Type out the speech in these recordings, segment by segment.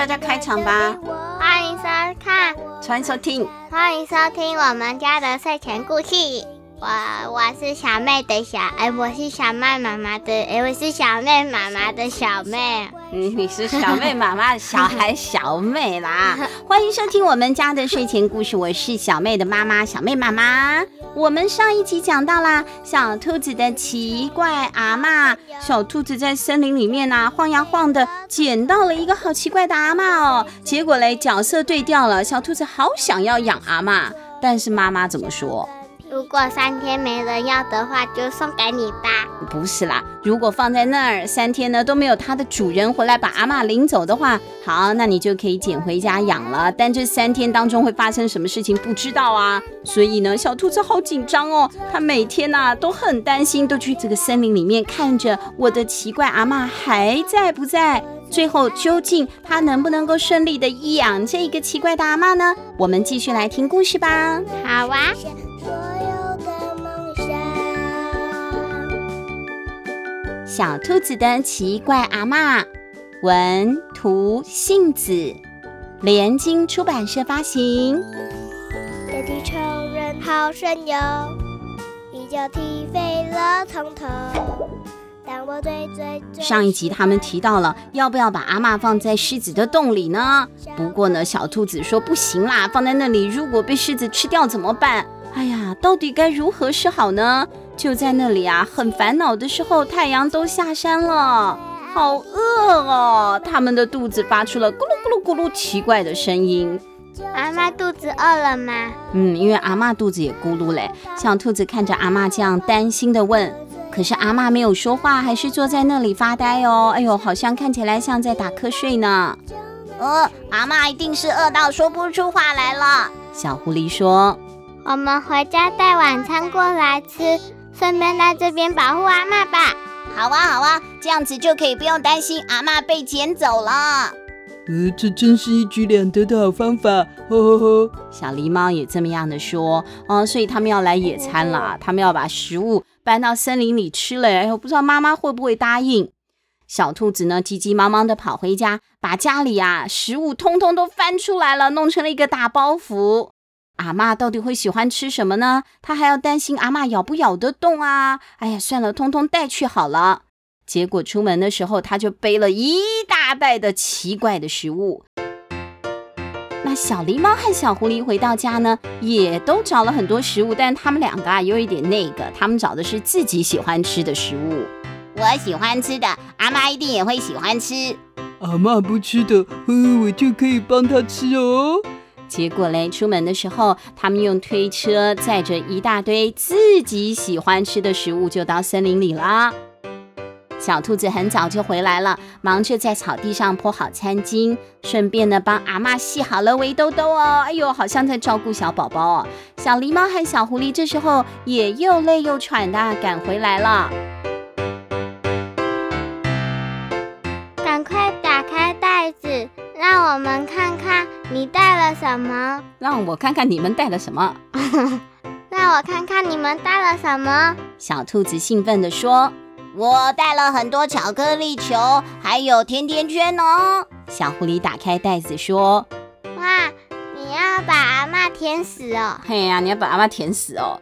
大家開場吧！歡迎收看，歡迎收聽，歡迎收聽我們家的睡前故事。我我是小妹的小，哎，我是小妹媽媽的，哎，我是小妹媽媽的小妹。嗯，你是小妹媽媽的小孩小妹啦！ 歡迎收聽我們家的睡前故事。我是小妹的媽媽，小妹媽媽。我們上一集講到啦，小兔子的奇怪阿嬤。小兔子在森林裡面吶，晃呀晃的，撿到了一個好奇怪的阿嬤哦。結果嘞，角色對調了，小兔子好想要養阿嬤，但是媽媽怎麼說？如果三天沒人要的話，就送給你吧。不是啦，如果放在那兒三天呢都沒有它的主人回來把阿嬤領走的話，好，那你就可以撿回家養了。但這三天當中會發生什麼事情不知道啊，所以呢，小兔子好緊張哦，它每天吶、啊、都很擔心，都去這個森林裡面看着我的奇怪阿嬤還在不在。最後究竟它能不能夠順利的養這個奇怪的阿嬤呢？我們繼續來聽故事吧。好啊。小兔子的奇怪阿嬤，文圖信子，聯經出版社發行。上一集他們提到了要不要把阿嬤放在獅子的洞裡呢？不過呢，小兔子說不行啦，放在那裡如果被獅子吃掉怎麼辦？哎呀，到底該如何是好呢？就在那裡啊，很煩惱的時候，太陽都下山了，好餓哦、啊！他們的肚子發出了咕嚕咕嚕咕嚕奇怪的聲音。阿嬤肚子餓了嗎？嗯，因為阿嬤肚子也咕嚕嘞。小兔子看着阿嬤這樣，擔心地問。可是阿嬤沒有說話，還是坐在那裡發呆哦。哎呦，好像看起來像在打瞌睡呢。呃，阿嬤一定是餓到說不出話來了。小狐狸說。我們回家帶晚餐過來吃，順便來這邊保護阿嬤吧。好啊，好啊，這樣子就可以不用擔心阿嬤被撿走了。呃，這真是一舉兩得的好方法，呵呵呵。小狸貓也這麼樣的說。嗯，所以他們要來野餐了，他們要把食物搬到森林裡吃了。哎呦，不知道媽媽會不會答應。小兔子呢，急急忙忙的跑回家，把家裡呀、啊、食物通通都翻出來了，弄成了一個大包袱。阿嬤到底會喜歡吃什麼呢？他還要擔心阿嬤咬不咬得動啊！哎呀，算了，通通帶去好了。結果出門的時候，他就背了一大袋的奇怪的食物。那小狸貓和小狐狸回到家呢，也都找了很多食物。但是他們兩個啊，有一點那個，他們找的是自己喜歡吃的食物。我喜歡吃的，阿嬤一定也會喜歡吃。阿嬤不吃的，嗯，我就可以幫她吃哦。結果嘞，出門的時候，他們用推車載着一大堆自己喜歡吃的食物，就到森林裡了。小兔子很早就回來了，忙着在草地上鋪好餐巾，順便呢幫阿嬤繫好了圍兜兜哦。哎呦，好像在照顧小寶寶哦。小狸貓和小狐狸這時候也又累又喘的趕回來了，趕快打開袋子，讓我們看看。你帶了什麼？讓我看看你們帶了什麼。 讓我看看你們帶了什麼。小兔子興奮地說：“我帶了很多巧克力球，還有甜甜圈哦。”小狐狸打開袋子說：“哇，你要把阿嬤舔死哦！嘿呀、啊，你要把阿嬤舔死哦！”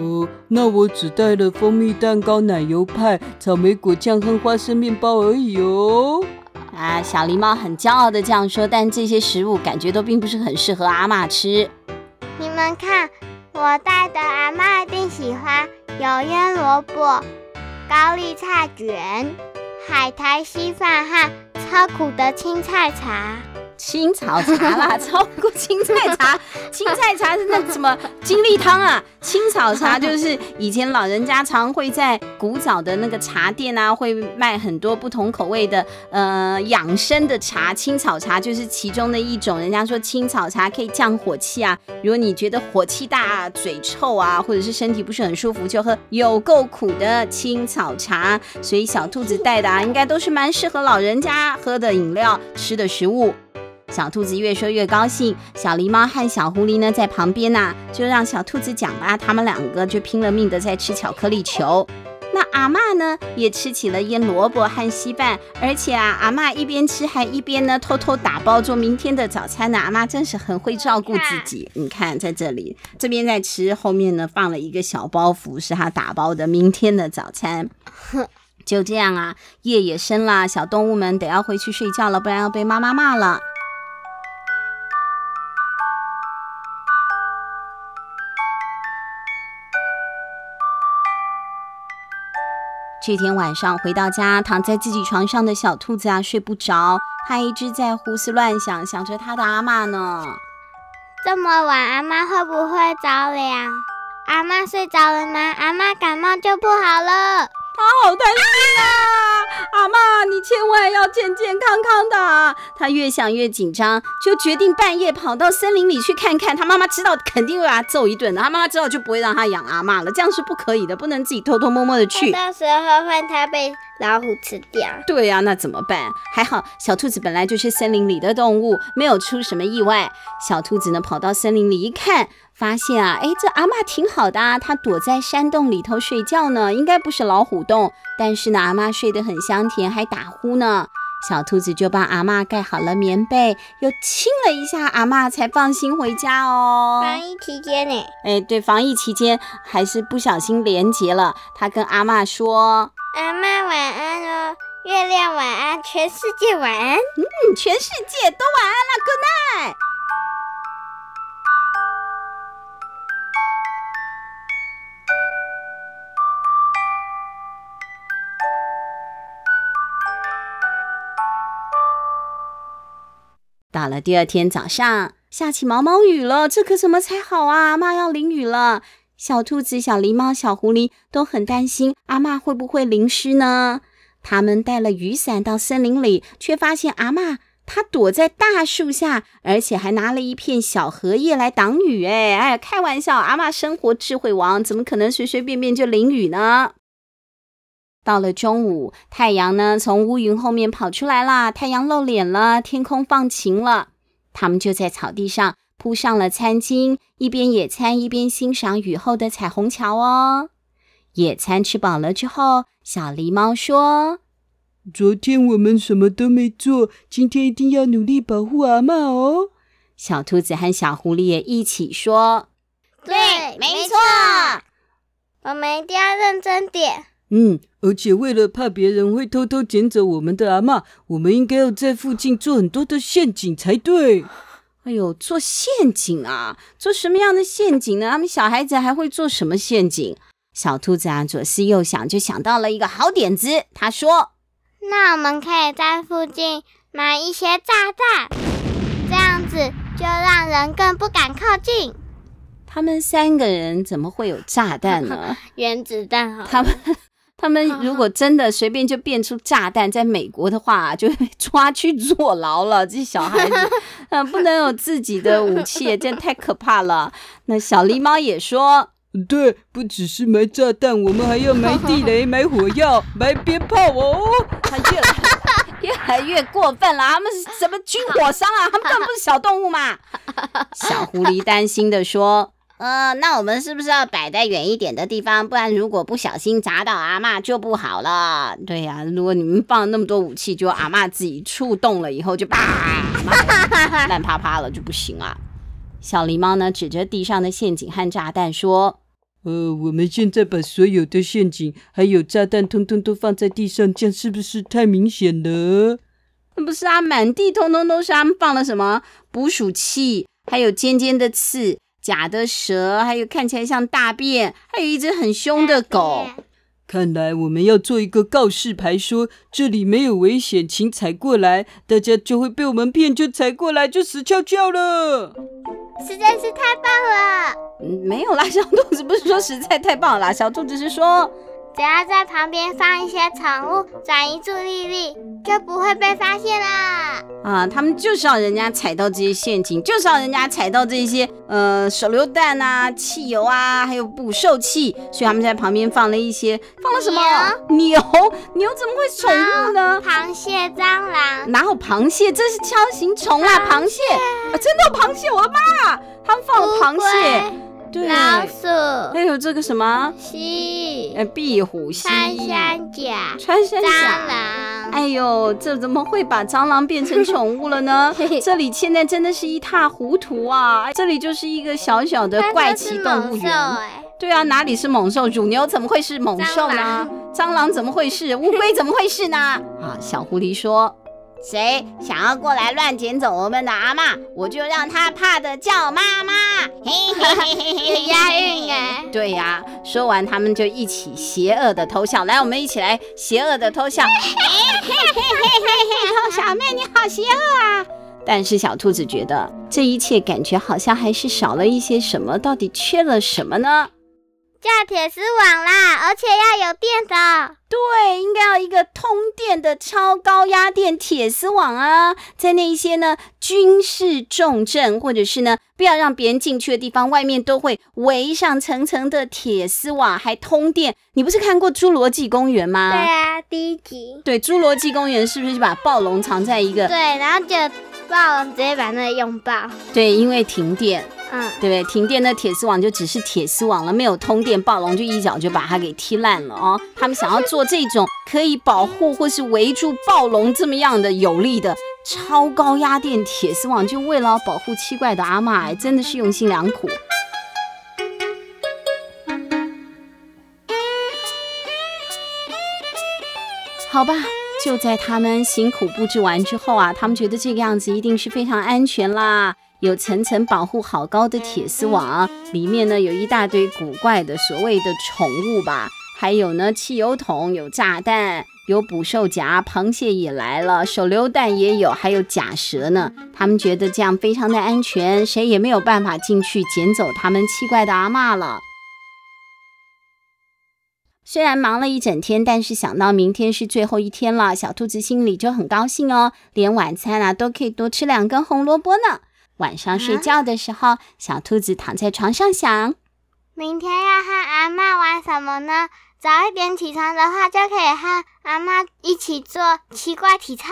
哦、呃，那我只帶了蜂蜜蛋糕、奶油派、草莓果醬和花生麵包而已哦。啊，小狸貓很驕傲的這樣說，但這些食物感覺都並不是很適合阿嬤吃。你們看，我帶的阿嬤一定喜歡，有醃蘿蔔、高麗菜捲、海苔稀飯和超苦的青菜茶。青草茶啦，超過青菜茶，青菜茶是那什麼精力湯啊？青草茶就是以前老人家常會在古早的那個茶店啊，會賣很多不同口味的呃養生的茶。青草茶就是其中的一種，人家說青草茶可以降火氣啊。如果你覺得火氣大啊，嘴臭啊，或者是身體不是很舒服，就喝有夠苦的青草茶。所以小兔子帶的啊，應該都是蠻適合老人家喝的飲料、吃的食物。小兔子越說越高興，小狸貓和小狐狸呢在旁邊呢、啊，就讓小兔子講吧。他們兩個就拼了命的在吃巧克力球。那阿嬤呢也吃起了醃蘿蔔和稀飯，而且啊，阿嬤一邊吃還一邊呢偷偷打包做明天的早餐呢。阿嬤真是很會照顧自己。你看在這裡，這邊在吃，後面呢放了一個小包袱，是她打包的明天的早餐。哼， 就這樣啊，夜也深了，小動物們得要回去睡覺了，不然要被媽媽罵了。這天晚上回到家，躺在自己床上的小兔子啊，睡不着，它一直在胡思亂想，想着它的阿嬤呢。這麼晚，阿嬤會不會着涼？阿嬤睡着了嗎？阿嬤感冒就不好了。他好擔心啊！阿媽，你千萬要健健康康的啊。他越想越緊張，就決定半夜跑到森林裡去看看。他媽媽知道，肯定會把他揍一頓的。他媽媽知道就不會讓他養阿媽了，這樣是不可以的，不能自己偷偷摸摸的去。到時候換他被老虎吃掉。對啊，那怎麼辦？還好小兔子本來就是森林裡的動物，沒有出什麼意外。小兔子呢，跑到森林裡一看。發現啊，哎，這阿媽挺好的啊，她躲在山洞裡頭睡覺呢，應該不是老虎洞。但是呢，阿媽睡得很香甜，還打呼呢。小兔子就幫阿媽蓋好了棉被，又親了一下阿媽，才放心回家哦。防疫期間呢？哎，對，防疫期間還是不小心連結了。她跟阿媽說：“阿媽晚安哦，月亮晚安，全世界晚安，嗯，全世界都晚安啦，Good night。”好了，第二天早上下起毛毛雨了，這可怎麼才好啊！阿嬤要淋雨了，小兔子、小狸貓、小狐狸都很擔心阿嬤會不會淋濕呢？他們帶了雨傘到森林裡，卻發現阿嬤她躲在大樹下，而且還拿了一片小荷葉來擋雨哎。哎哎，開玩笑，阿嬤生活智慧王，怎麼可能隨隨便便就淋雨呢？到了中午，太陽呢從烏雲後面跑出來啦，太陽露臉了，天空放晴了。他們就在草地上鋪上了餐巾，一邊野餐一邊欣賞雨後的彩虹橋哦。野餐吃飽了之後，小狸貓說：“昨天我們什麼都沒做，今天一定要努力保護阿嬤哦。”小兔子和小狐狸也一起說：“對，沒錯，我們一定要認真點。”嗯，而且為了怕別人會偷偷撿走我們的阿嬤，我們應該要在附近做很多的陷阱才對。哎呦，做陷阱啊？做什麼樣的陷阱呢？他們小孩子還會做什麼陷阱？小兔子啊，左思右想，就想到了一個好點子。他說：“那我們可以在附近買一些炸彈，這樣子就讓人更不敢靠近。”他們三個人怎麼會有炸彈呢？ 原子彈啊？他們。他們如果真的隨便就變出炸彈，在美國的話，啊，就被抓去坐牢了。這些小孩子，嗯、呃，不能有自己的武器，這太可怕了。那小狸貓也說，對，不只是埋炸彈，我們還要埋地雷、埋火藥、埋鞭炮哦。他越來越，越來越過分了。他們是什麼軍火商啊？他們根本不是小動物嘛。小狐狸擔心的說。呃，那我們是不是要擺在遠一點的地方？不然如果不小心砸到阿嬤就不好了。對呀、啊，如果你們放了那麼多武器，就阿嬤自己觸動了以後就啪， 爛趴趴了就不行啊。小狸貓呢，指着地上的陷阱和炸彈說：“呃，我們現在把所有的陷阱還有炸彈通通都放在地上，這樣是不是太明顯了？”嗯，不是啊，滿地通通都是他們放了什麼捕鼠器，還有尖尖的刺。假的蛇，還有看起來像大便，還有一隻很凶的狗。啊、看來我們要做一個告示牌說，說這裡沒有危險，請踩過來。大家就會被我們騙，就踩過來，就死翹翹了。實在是太棒了！沒有啦，小兔子不是說實在太棒了啦，小兔子是說。只要在旁邊放一些寵物，轉移注意力，就不會被發現了。啊，他們就是要人家踩到這些陷阱，就是要人家踩到這些，呃，手榴彈啊，汽油啊，還有捕獸器。所以他們在旁邊放了一些，放了什麼？牛？牛？牛怎麼會是寵物呢？然後螃蟹、蟑螂？哪有螃蟹？這是鍬形蟲啊！螃蟹，螃蟹，啊？真的有螃蟹？我的媽！他們放了螃蟹。對，老鼠，還有這個什麼蜥，呃，壁虎、蜥蜴、穿山甲、穿山甲、蟑螂。哎呦，這怎麼會把蟑螂變成寵物了呢？ 這裡現在真的是——一塌糊塗啊！這裡就是一個小小的怪奇動物園、哎。對啊，哪裡是猛獸？乳牛怎麼會是猛獸呢蟑？蟑螂怎麼會是？烏龜怎麼會是呢？啊， 小狐狸說。誰想要過來亂撿走我們的阿嬤，我就讓他怕的叫媽媽，嘿嘿嘿嘿嘿嘿，押韻哎。對呀、啊，說完他們就一起邪惡的偷笑。來，我們一起來邪惡的偷笑，嘿嘿嘿嘿嘿嘿，偷小妹你好邪惡啊！但是小兔子覺得這一切感覺好像還是少了一些什麼，到底缺了什麼呢？架鐵絲網啦，而且要有電的。對，應該要一個通電的超高壓電鐵絲網啊，在那一些呢軍事重鎮，或者是呢不要讓別人進去的地方，外面都會圍上層層的鐵絲網，還通電。你不是看過《侏羅紀公園》嗎？對啊，第一集。對，《侏羅紀公園》是不是就把暴龍藏在一個？對，然後就暴龍直接把那個擁抱。對，因為停電。對不對，停電的鐵絲網就只是鐵絲網了，沒有通電，暴龍就一腳就把它給踢爛了啊，哦！他們想要做這種可以保護或是圍住暴龍這麼樣的有力的超高壓電鐵絲網，就為了保護奇怪的阿嬤，真的是用心良苦。好吧，就在他們辛苦布置完之後啊，他們覺得這個樣子一定是非常安全啦。有層層保護，好高的鐵絲網，裡面呢，有一大堆古怪的所謂的寵物吧，還有呢，汽油桶、有炸彈、有捕獸夾，螃蟹也來了，手榴彈也有，還有假蛇呢。他們覺得這樣非常的安全，誰也沒有辦法進去撿走他們奇怪的阿嬤了。雖然忙了一整天，但是想到明天是最後一天了，小兔子心裡就很高興哦，連晚餐啊都可以多吃兩根紅蘿蔔呢。晚上睡覺的時候，啊，小兔子躺在床上想：明天要和阿嬤玩什麼呢？早一點起床的話，就可以和阿嬤一起做奇怪體操，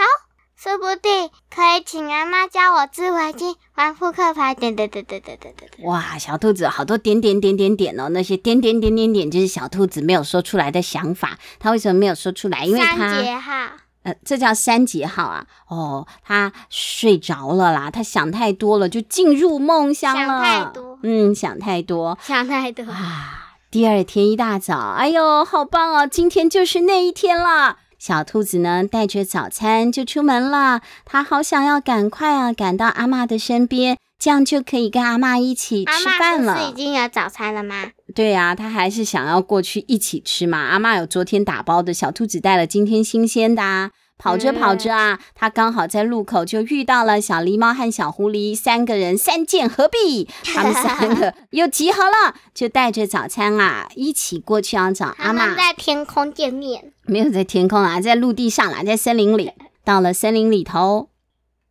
說不定可以請阿嬤教我織圍巾、玩撲克牌。點點點點點點。哇，小兔子好多點點點點點哦！那些點點點點點點就是小兔子沒有說出來的想法。他為什麼沒有說出來？因為他。呃，這叫三級號啊！哦，他睡着了啦，他想太多了，就進入夢鄉了。想太多，嗯，想太多，想太多啊！第二天一大早，哎呦，好棒哦！今天就是那一天啦。小兔子呢，帶着早餐就出門了。它好想要趕快啊，趕到阿嬤的身邊，這樣就可以跟阿嬤一起吃飯了。阿嬤是不是已經有早餐了嗎？對呀、啊，它還是想要過去一起吃嘛。阿嬤有昨天打包的，小兔子帶了今天新鮮的啊。跑着跑着啊，他剛好在路口就遇到了小狸貓和小狐狸三個人，三劍合璧，他們三個又集合了，就帶着早餐啊一起過去要找阿嬤。他們在天空見面，沒有在天空啊，在陸地上啊，在森林裡。到了森林裡頭，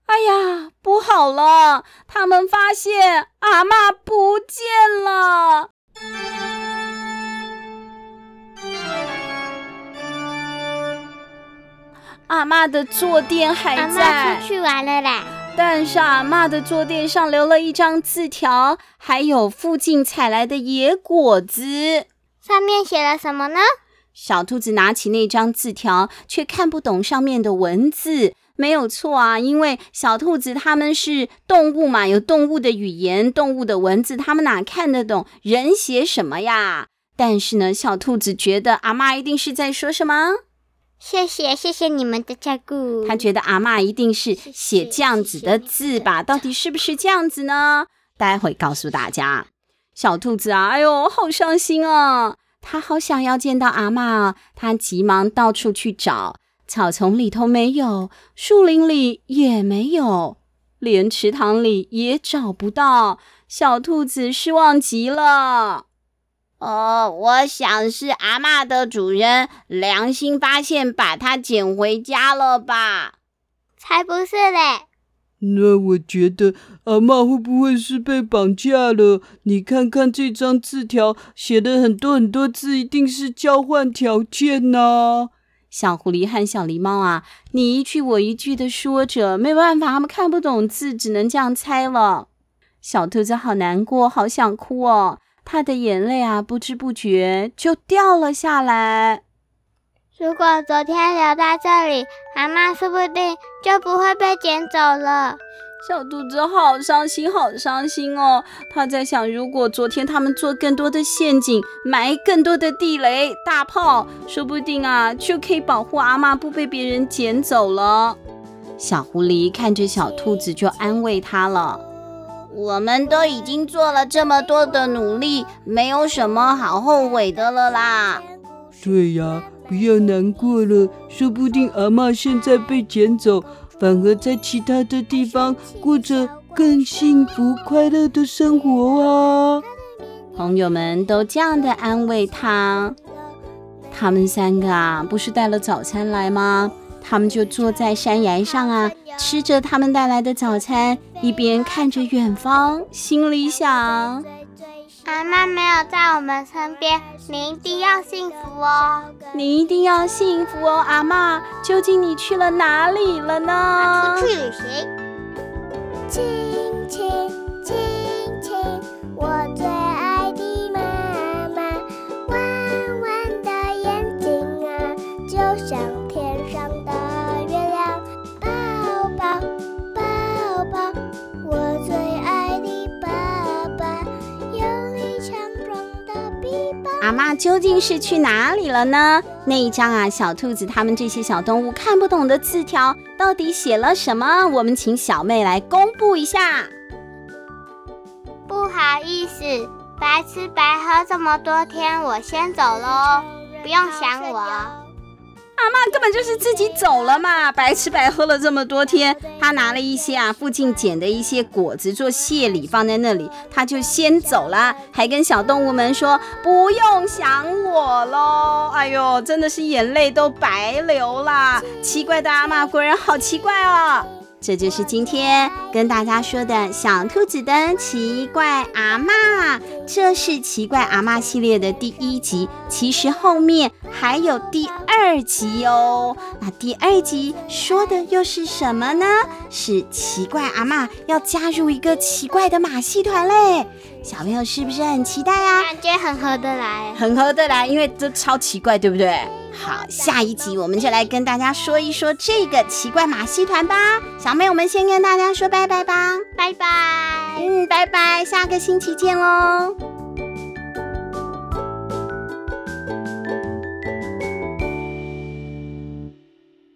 哎呀，不好了，他們發現阿嬤不見了。阿媽的坐墊還在，阿嬤出去玩了啦。但是阿媽的坐墊上留了一張字條，還有附近採來的野果子。上面寫了什麼呢？小兔子拿起那張字條，卻看不懂上面的文字。沒有錯啊，因為小兔子他們是動物嘛，有動物的語言、動物的文字，他們哪看得懂人寫什麼呀？但是呢，小兔子覺得阿媽一定是在說什麼。謝謝，謝謝你們的照顧。他覺得阿嬤一定是寫這樣子的字吧，謝謝謝謝的。到底是不是這樣子呢？待會告訴大家。小兔子啊，哎呦，好傷心啊！他好想要見到阿嬤，他急忙到處去找，草叢裡頭沒有，樹林裡也沒有，連池塘裡也找不到。小兔子失望極了。哦，我想是阿嬤的主人良心發現，把它撿回家了吧？才不是嘞！那我覺得阿嬤會不會是被綁架了？你看看這張字條，寫的很多很多字，一定是交換條件呢。小狐狸和小狸貓啊，你一句我一句的說着，沒辦法，他們看不懂字，只能這樣猜了。小兔子好難過，好想哭哦。他的眼淚啊，不知不覺就掉了下來。如果昨天留在這裡，阿嬤說不定就不會被撿走了。小兔子好傷心，好傷心哦。他在想，如果昨天他們做更多的陷阱，埋更多的地雷、大炮，說不定啊，就可以保護阿嬤不被別人撿走了。小狐狸看着小兔子，就安慰他了。我們都已經做了這麼多的努力，沒有什麼好後悔的了啦。對呀，不要難過了，說不定阿嬤現在被撿走，反而在其他的地方過着更幸福快樂的生活啊！朋友們都這樣的安慰他。他們三個啊，不是帶了早餐來嗎？ 他們就坐在山岩上啊，吃着他們帶來的早餐，一邊看着遠方，心裡想：阿嬤沒有在我們身邊，你一定要幸福哦！你一定要幸福哦，阿嬤，究竟你去了哪裡了呢？ 清清究竟是去哪裡了呢？那一張啊，小兔子他們這些小動物看不懂的字條到底寫了什麼？我們請小妹來公布一下。不好意思，白吃白喝這麼多天，我先走嘍，不用想我。阿嬤，媽根本就是自己走了嘛，白吃白喝了這麼多天，她拿了一些啊附近撿的一些果子做謝禮放在那裡，她就先走了，還跟小動物們說不用想我嘍。哎呦，真的是眼淚都白流了。奇怪的阿、啊、嬤果然好奇怪哦。這就是今天跟大家說的小兔子的奇怪阿嬤，這是奇怪阿嬤系列的第一集。其實後面還有第二集哦。那第二集說的又是什麼呢？是奇怪阿嬤要加入一個奇怪的馬戲團嘞。小朋友是不是很期待啊？感覺很合得來，很合得來，因為都超奇怪，對不對？好，下一集我們就來跟大家說一說這個奇怪馬戲團吧。小妹，我們先跟大家說拜拜吧，拜拜，嗯，拜拜，下個星期見嘍。